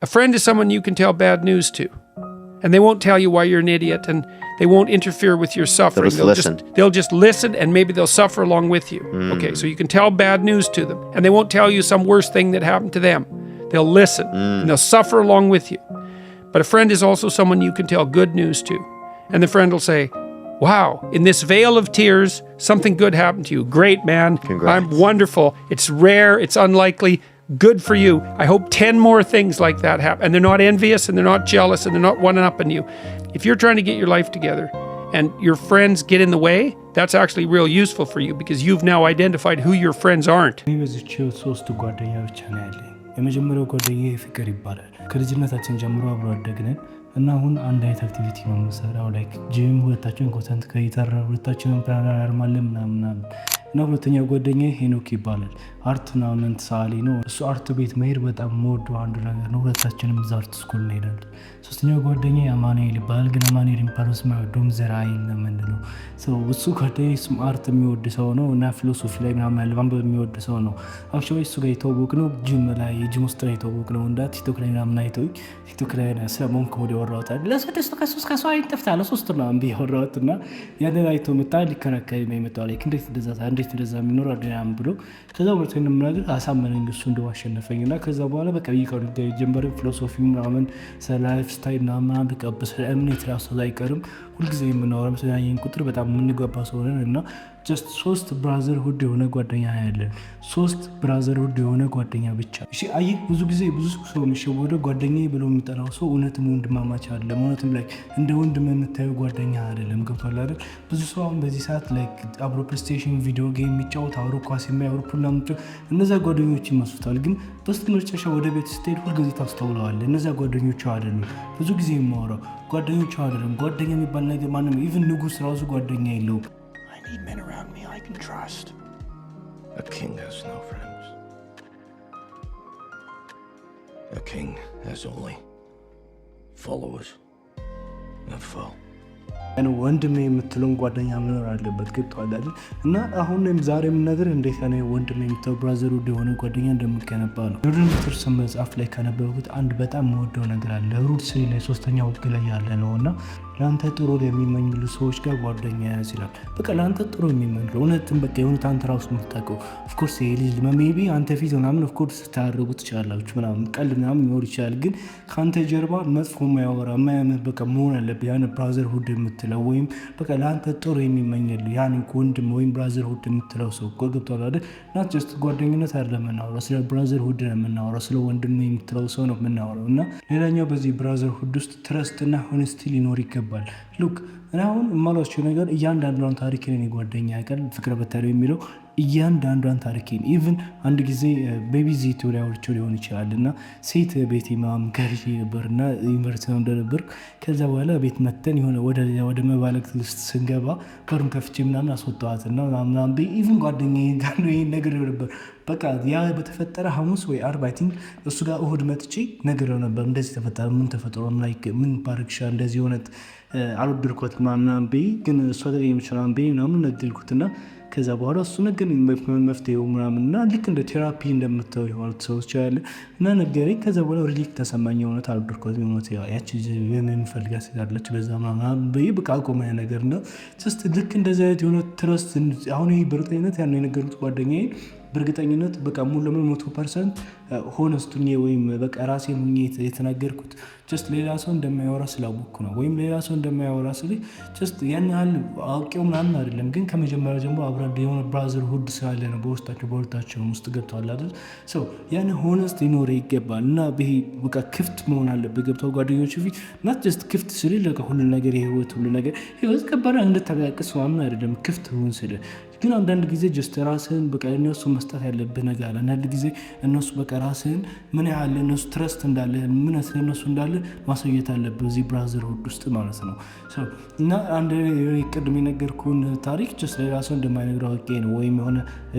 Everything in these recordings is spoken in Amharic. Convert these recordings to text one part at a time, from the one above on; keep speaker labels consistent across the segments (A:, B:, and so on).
A: A friend is someone you can tell bad news to, and they won't tell you why you're an idiot, and they won't interfere with your suffering.
B: They'll just they'll listen. Just,
A: they'll just listen, and maybe they'll suffer along with you. Mm. Okay, so you can tell bad news to them, and they won't tell you some worse thing that happened to them. They'll listen, mm. and they'll suffer along with you. But a friend is also someone you can tell good news to, and the friend will say, Wow, in this veil of tears, something good happened to you. Great, man. Congrats. I'm wonderful. It's rare, it's unlikely good for you. I hope 10 more things like that happen. And they're not envious and they're not jealous and they're not one on you. If you're trying to get your life together and your friends get in the way, that's actually real useful for you because you've now identified who your friends aren't. የመጀመሪያው ፍቅር ይባላል። ከልጅነታችን ጀምሮ አብሮ አደግነን እና አሁን አንድ አይነት አክቲቪቲ ነው ላይክ ጂም፣ ሁለታችን ኮንተንት ከይተራ እና ሁለተኛው ጓደኛ ሄኖክ ይባላል። አርት ምናምን ሰዓሊ ነው። እሱ አርት ቤት መሄድ በጣም የምወደው አንዱ ነገር ነው። ሁለታችንም እዛ አርት ስኩል እንሄዳለን። ሶስተኛው ጓደኛ አማኑኤል ይባላል። ግን አማኑኤል የሚባለው ስም ዶም ዘራይ ለምንድ ነው እሱ ጓደኛ ስም አርት የሚወድ ሰው ነው እና ፊሎሶፊ ላይ ምናምን ማንበብ የሚወድ ሰው ነው። አብሻ እሱ ጋር የተዋወቅ ነው ጅም ላይ ጅም ውስጥ ላይ የተዋወቅ ነው። እንዳ ቲክቶክ ላይ ምናምን አይተውኝ ቲክቶክ ላይ ሰሞን ከወዲያ ወራወጣል ለስድስት ከሶስት ከሰው አይጠፍታ ለሶስት ነው ያወራሁት እና ያንን አይቶ መጣ ሊከራከሪ ነው የመጣ ላይ እንዴት እንደዛ እንዴት እንደዛ የሚኖር አድናም ብሎ ከዛ ሁለት ምናገር አሳመነኝ እሱ እንደው አሸነፈኝ እና ከዛ በኋላ በቃ ይቀር ጀመረ ፊሎሶፊ
C: ምናምን ስለ ላይፍ ስታይል ምናምን በቃ በስለ እምነት ራሱ አይቀርም ሁልጊዜ የምናወራ ስለያየን ቁጥር በጣም የምንግባባ ሰው እና ጀስት ሶስት ብራዘር ሁድ የሆነ ጓደኛ ያለን ሶስት ብራዘር ሁድ የሆነ ጓደኛ ብቻ። እሺ አይ ብዙ ጊዜ ብዙ ሰው የሚሸወደው ጓደኛ ብሎ የሚጠራው ሰው እውነትም ወንድማማች አይደለም። እውነትም ላይ እንደ ወንድም የምታየው ጓደኛ አይደለም። ገብቶሃል አይደል? ብዙ ሰው አሁን በዚህ ሰዓት ላይ አብሮ ፕሌስቴሽን፣ ቪዲዮ ጌም የሚጫወት አብሮ ኳስ የሚያይ አውሮፕላን የሚጫወት እነዚያ ጓደኞች ይመስሉታል። ግን በስተ መጨረሻ ወደ ቤት ስትሄድ ሁልጊዜ ታስተውለዋለህ፣ እነዚያ ጓደኞች አይደሉም። ብዙ ጊዜ የማወራው ጓደኞች አይደለም ጓደኛ የሚባል ነገር ማንም ኢቭን ንጉሥ ራሱ ጓደኛ የለውም። A king has only followers and foe. ወንድሜ የምትለውን ጓደኛ መኖር አለበት። ገብቶሃል አይደል? እና አሁንም ዛሬ የምነግርህ እንዴት ያ ወንድሜ የምትለው ብራዘር ውድ የሆነ ጓደኛ እንደምገነባ ነው። ጆርዳን ፒተርሰን መጽሐፍ ላይ ከነበርኩት አንድ በጣም መወደው ነገር አለ። ሩትስ ላይ ሶስተኛ ውግ ላይ ያለ ነው እና ለአንተ ጥሩ የሚመኝሉ ሰዎች ጋር ጓደኛ ያዝ ይላል። በቃ ለአንተ ጥሩ የሚመኝሉ እውነትም በቃ የሆነ አንተ ራሱ የምትጠቀው ኦፍኮርስ ይሄ ልጅ ሜቢ አንተ ፊት ምናምን ኦፍኮርስ ታደርጉ ትችላላችሁ ምናምን ቀል ምናምን ሊኖር ይችላል። ግን ከአንተ ጀርባ መጥፎ የማያወራ የማያምር በቃ መሆን አለብ ያን ብራዘር ሁድ የምትለው ወይም በቃ ለአንተ ጥሩ የሚመኝሉ ያን ወንድም ወይም ብራዘር ሁድ የምትለው ሰው እኮ ገብቷል አይደል? ናት ጀስት ጓደኝነት አይደለም የምናወራው፣ ስለ ብራዘር ሁድ ነው የምናወራው፣ ስለ ወንድም የምትለው ሰው ነው የምናወራው። እና ሌላኛው በዚህ ብራዘር ሁድ ውስጥ ትረስትና ሆነስቲ ሊኖር ይገባል። but ሉክ እኔ አሁን የማሏቸው ነገር እያንዳንዷን ታሪክን እኔ ጓደኛ ያቀል ፍቅረ በታሪ የሚለው እያንዳንዷን ታሪክን ኢቭን አንድ ጊዜ ቤቢ ዜቶ ሊያወርቸው ሊሆን ይችላል እና ሴት ቤት ማምከር ነበር እና ዩኒቨርሲቲ ነው እንደነበር ከዛ በኋላ ቤት መተን የሆነ ወደ መባለቅ ልስት ስንገባ በሩን ከፍቼ ምናምን አስወጣዋት እና ምናምን ኢቭን ጓደኛ ጋር ይህን ነገር ነበር። በቃ ያ በተፈጠረ ሐሙስ ወይ አርብ አይ ቲንክ እሱ ጋር እሁድ መጥቼ ነግሬው ነበር እንደዚህ ተፈጠረ ምን ተፈጥሮ ምን ባረግሻ እንደዚህ ሆነት አልወደድኩት ምናምን ብዬ ግን እሷ ተቀየመች ምናምን ብዬ ምናምን ነደድኩትና ከዛ በኋላ እሱ ነገረኝ መፍትሄው ምናምን እና ልክ እንደ ቴራፒ እንደምታው የሆኑት ሰዎች ያለ እና ነገረኝ። ከዛ በኋላ ሪሊክ ተሰማኝ። የሆነት አልወደድኩት የሆነት ያች የምንፈልጋ ሴታለች በዛ ምናምን ብዬ በቃ አቆመ ነገር እና ስስት ልክ እንደዚ አይነት የሆነ ትረስት አሁን ይህ በእርግጠኝነት ያን የነገሩት ጓደኛዬ በእርግጠኝነት በቃ ሙሉ ለሙሉ መቶ ፐርሰንት ሆነስቱ ወይም በቃ ራሴን ሁኜ የተናገርኩት ጀስት ሌላ ሰው እንደማያወራ ስላወቅኩ ነው። ወይም ሌላ ሰው እንደማያወራ ስል ጀስት ያን ያህል አውቄው ምናምን አይደለም፣ ግን ከመጀመሪያ ጀምሮ አብረ የሆነ ብራዘር ሁድ ስላለ ነው። በውስጣቸው በሁለታቸው ውስጥ ገብተዋል አይደል ሰው ያን ሆነስት ሊኖረ ይገባል። እና ይሄ በቃ ክፍት መሆን አለበት። ገብተው ጓደኞች ፊት ናት ጀስት ክፍት ስል ለቃ ሁሉ ነገር የህይወት ሁሉ ነገር ህይወት ከባድ እንድታቃቅስ ምናምን አይደለም። ክፍት ሁን ስል ግን አንዳንድ ጊዜ ጀስት ራስህን በቃ እነሱ መስጠት ያለብህ ነገር አለ። አንዳንድ ጊዜ እነሱ በቃ ራስህን ምን ያህል ለእነሱ ትረስት እንዳለ ምን ለእነሱ እንዳለ ማሳየት አለብህ፣ እዚህ ብራዘርሁድ ውስጥ ማለት ነው። እና አንድ ቅድም የነገርኩህን ታሪክ ስ ሌላ እንደማይነግረው አውቄ ነው፣ ወይም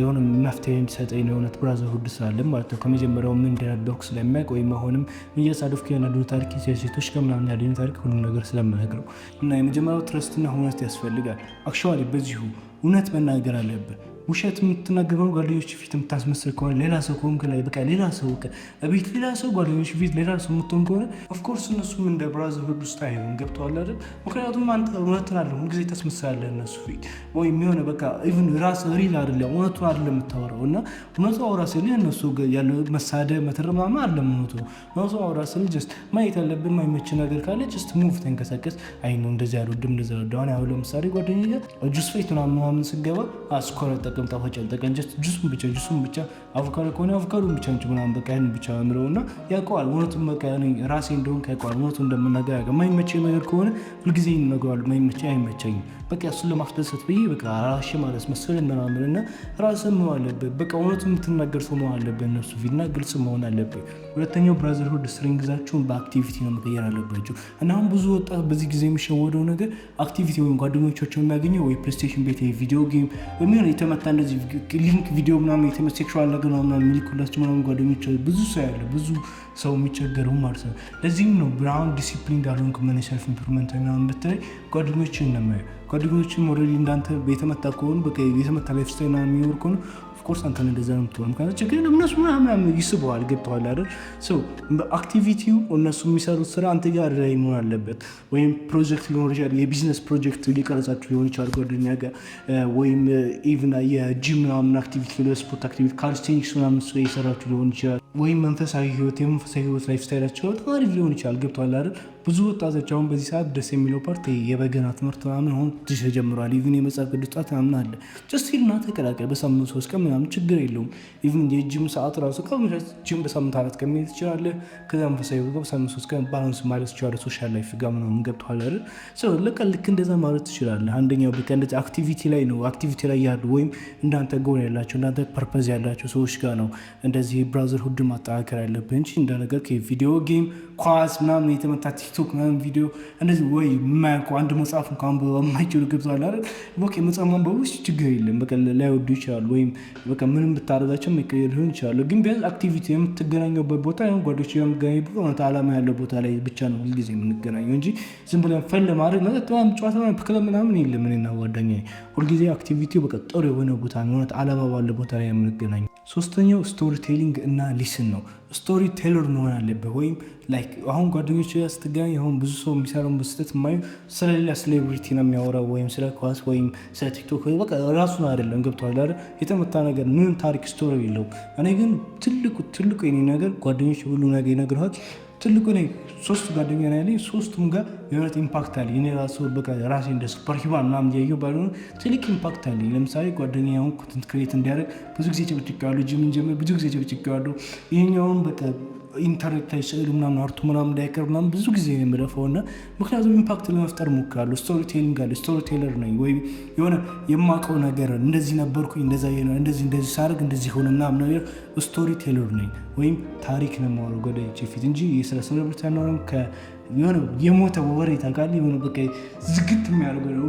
C: የሆነ መፍትሄ የሚሰጠኝ የሆነ ብራዘርሁድ ስላለ ማለት ነው። ከመጀመሪያው ምን እንደነበርኩ ስለሚያውቅ ወይም አሁንም እያሳደፍኩ ያናድኑ ታሪክ ሴቶች ከምናምን ያድኑ ታሪክ ሁሉ ነገር ስለምነግረው እና የመጀመሪያው ትረስትና እውነት ያስፈልጋል። አክቹዋሊ በዚሁ እውነት መናገር አለብህ። ውሸት የምትናገረው ጓደኞች ፊት የምታስመስል ከሆነ ሌላ ሰው ከሆንክ ላይ በቃ ሌላ ሰው ቤት ሌላ ሰው ጓደኞች ፊት ሌላ ሰው የምትሆን ከሆነ ኦፍኮርስ እነሱም እንደ ብራዘርሁድ ውስጥ አይሆን ገብተዋል አይደል? ምክንያቱም አንተ እውነትን አለ ሁልጊዜ ታስመስላለህ እነሱ ፊት ወይ የሚሆነ በቃ ኢቭን ራስ ሪል አይደለም እውነቱ አይደለም የምታወራው እና እውነቱ አውራ ስል እነሱ ያለ መሳደ መተረማመ አለ እውነቱ እውነቱ አውራ ስል ጀስት ማየት ያለብን ማይመች ነገር ካለ ጀስት ሙቭ ተንቀሳቀስ። አይ ነው እንደዚህ አልወድም እንደዚህ አልወድም አሁን ለምሳሌ ጓደኛ ጁስ ቤት ምናምን ስገባ አስኮረጠቅ መጠቀም ጣፋጭ አልጠቀም ጁሱን ብቻ ጁሱን ብቻ አቮካዶ ከሆነ አቮካዶን ብቻ እንጂ ምናምን በቃ ያን ብቻ ምለው እና ያውቀዋል። እውነቱን በቃ ራሴ እንደሆን ያውቀዋል። እውነቱን እንደምናገር ያውቀ ማይመቸኝ ነገር ከሆነ ሁልጊዜ ይነግረዋል። ማይመቸኝ አይመቸኝ በቃ እሱን ለማስደሰት ብዬ በቃ ራሽ ማለት መሰል ምናምን እና ራስህ መሆን አለብህ። በቃ እውነቱን የምትናገር ሰው መሆን አለብህ። እነሱ ፊትና ግልጽ መሆን አለብህ። ሁለተኛው ብራዘርሁድ ስትሪንግዛችሁን በአክቲቪቲ ነው መቀየር አለባቸው እና አሁን ብዙ ወጣት በዚህ ጊዜ የሚሸወደው ነገር አክቲቪቲ ወይም ጓደኞቻቸው የሚያገኘው ወይ ፕሌይስቴሽን ቤት ቪዲዮ ጌም የሚሆን የተመታ እንደዚህ ሊንክ ቪዲዮ ምናምን ሴክሹዋል ነገር ምናምን የሚልኩላቸው ምናምን ጓደኞች ብዙ ሰው ያለ ብዙ ሰው የሚቸገረው ማለት ነው። ለዚህም ነው ብርሃን ዲሲፕሊን ዳሉን ክመን ሰልፍ ኢምፕሩቭመንት ምናምን ብትለይ ጓደኞችን ነው የማየው። ጓደኞችን ኦልሬዲ እንዳንተ የተመታ ከሆኑ በቃ የተመታ ላይፍ ስታይል ምናምን የሚኖር ከሆኑ ኦፍኮርስ አንተ እንደዛ ነው የምትሆን። ምክንያቱ ችግር እነሱ ምናምን ይስበዋል። ገብተዋል አይደል? አክቲቪቲው እነሱ የሚሰሩት ስራ አንተ ጋር ላይ መሆን አለበት። ወይም ፕሮጀክት ሊሆን ይችላል፣ የቢዝነስ ፕሮጀክት ሊቀረጻችሁ ሊሆን ይችላል ጓደኛ ጋር ወይም ኢቭን የጂም ምናምን አክቲቪቲ ስፖርት አክቲቪቲ ካልስቴኒክስ ምናምን የሰራችሁ ሊሆን ይችላል። ወይም መንፈሳዊ ህይወት የመንፈሳዊ ህይወት ላይፍ ስታይላቸው በጣም ሊሆን ይችላል። ገብተዋል አይደል? ብዙ ወጣቶች አሁን በዚህ ሰዓት ደስ የሚለው ፓርቲ የበገና ትምህርት ምናምን አሁን ተጀምሯል። ኢቭን የመጽሐፍ ቅዱስ ጣት ምናምን አለ ጭስ ሂድና ተቀላቀል። በሳምንት ሶስት ቀን ምናምን ችግር የለውም። ኢቭን የጅም ሰዓት ራሱ ጅም በሳምንት አራት ቀን መሄድ ትችላለህ። ከዛ መንፈሳዊ ጋር በሳምንት ሶስት ቀን ባላንስ ማለት ትችላለህ። ሶሻል ላይፍ ጋር ምናምን ገብቶሃል አይደል? ሰው ለቀ ልክ እንደዛ ማለት ትችላለህ። አንደኛው በቃ እንደዚ አክቲቪቲ ላይ ነው አክቲቪቲ ላይ ያሉ ወይም እንዳንተ ጎል ያላቸው እንዳንተ ፐርፐዝ ያላቸው ሰዎች ጋር ነው እንደዚህ ብራዘርሁድ ማጠናከር ያለብህ እንጂ እንደነገር ከቪዲዮ ጌም ኳስ ምናምን የተመታ ቲክቶ ቲክቶክ ምናምን ቪዲዮ እንደዚህ ወይ የማያውቁ አንድ መጽሐፍ እንኳን በማይችሉ ግብዛል አይደል? በቃ መጽሐፍ ማንበብ ውስጥ ችግር የለም። በቃ ላይወዱ ይችላሉ፣ ወይም በቃ ምንም ብታረዛቸው መቀየር ሊሆን ይችላሉ። ግን ቢያንስ አክቲቪቲ የምትገናኘበት ቦታ ወይም ጓዶች የምገናኝበት እውነት አላማ ያለው ቦታ ላይ ብቻ ነው ሁልጊዜ የምንገናኘው እንጂ ዝም ብለን ፈን ለማድረግ መጠጥ ምናምን ጨዋታ ክለብ ምናምን የለም። እኔና ጓደኛዬ ሁልጊዜ አክቲቪቲ በቃ ጥሩ የሆነ ቦታ ነው፣ እውነት ዓላማ ባለ ቦታ ላይ የምንገናኘው ሶስተኛው ስቶሪ ቴሊንግ እና ሊስን ነው። ስቶሪ ቴለር መሆን አለብህ። ወይም ላይክ አሁን ጓደኞች ጋር ስትገናኝ አሁን ብዙ ሰው የሚሰራውን በስተት የማዩ ስለሌላ ሴሌብሪቲ ነው የሚያወራው ወይም ስለ ኳስ ወይም ስለ ቲክቶክ በቃ ራሱን አይደለም። ገብቶሃል አይደል? የተመታ ነገር ምንም ታሪክ ስቶሪ የለውም። እኔ ግን ትልቁ ትልቁ የኔ ነገር ጓደኞች ሁሉ ነገር ይነግረዋል ትልቁ ነኝ። ሶስት ጓደኛ ያለ ሶስቱም ጋር የሆነት ኢምፓክት አለ። እኔ ራሱ በቃ ራሴ እንደ ሱፐር ሂውማን ምናምን እያየሁ ባልሆነ ትልቅ ኢምፓክት አለ። ለምሳሌ ጓደኛ ሁን ኮንተንት ክሬት እንዲያደርግ ብዙ ጊዜ ጭብጭቄዋለሁ። ጅምን ጀምር ብዙ ጊዜ ጭብጭቄዋለሁ። ይሄኛውን በቃ ኢንተርኔት ላይ ስዕል ምናምን አርቱ ምናምን እንዳይቀር ምናምን ብዙ ጊዜ የምለፈው እና ምክንያቱም ኢምፓክት ለመፍጠር ሞክራለሁ። ስቶሪ ቴሊንግ አለ። ስቶሪ ቴለር ነኝ ወይ የሆነ የማውቀው ነገር እንደዚህ ነበርኩኝ፣ እንደዛ እንደዚህ እንደዚህ ሳደርግ እንደዚህ ሆነ ምናምን ነገር ስቶሪ ቴለር ነኝ ወይም ታሪክ ነው የማወራው ጓደኞቼ ፊት እንጂ ስለ ሴሌብሪቲ አናወራም። የሆነ የሞተ ወሬ ታውቃለህ፣ የሆነ በቃ ዝግት የሚያደርገው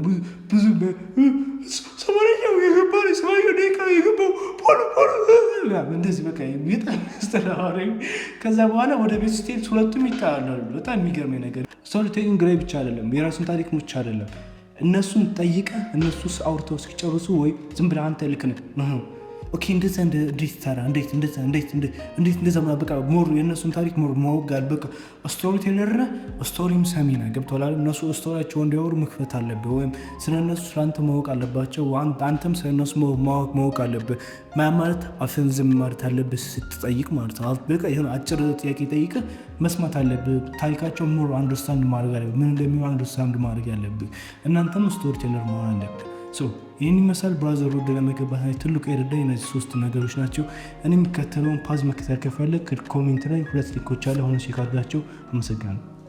C: ብዙ እንደዚህ በቃ የሚጠስተዳዋሪ ከዛ በኋላ ወደ ቤት ስትሄድ ሁለቱም ይጠላሉ። በጣም የሚገርመኝ ነገር ሰው ቴሊንግ ግራይ ብቻ አይደለም፣ የራሱን ታሪክ ሙቻ አይደለም። እነሱን ጠይቀ እነሱ አውርተው እስኪጨርሱ ወይ ዝም ብለህ አንተ ልክ ነህ ኦኬ እንደዛ እንዴት ይሰራ እንዴት እንደዛ እንዴት እንዴት እንደዛ በቃ ሞር የእነሱን ታሪክ ሞር ማወጋል። በቃ ስቶሪ ቴለርና ስቶሪም ሰሚና ገብቶላል። እነሱ ስቶሪያቸው እንዲያወሩ መክፈት አለብህ፣ ወይም ስለ እነሱ ስለአንተ ማወቅ አለባቸው፣ አንተም ስለ እነሱ ማወቅ ማወቅ አለብህ። ማለት አፍን ዝም ማለት አለብህ ስትጠይቅ ማለት ነው። በቃ የሆነ አጭር ጥያቄ ጠይቅህ መስማት አለብህ። ታሪካቸው ሞር አንደርስታንድ ማድረግ አለብህ። ምን እንደሚሆን አንደርስታንድ ማድረግ አለብህ። እናንተም ስቶሪ ቴለር መሆን አለብህ። ይህን ይመስላል ብራዘር ወደ ለመገባት ላይ ትልቁ የረዳ እነዚህ ሶስት ነገሮች ናቸው። እኔ የሚከተለውን ፓዝ መከተል ከፈለግ ኮሜንት ላይ ሁለት ሊንኮች አለ ሆነ ቼክ አመሰግናለሁ።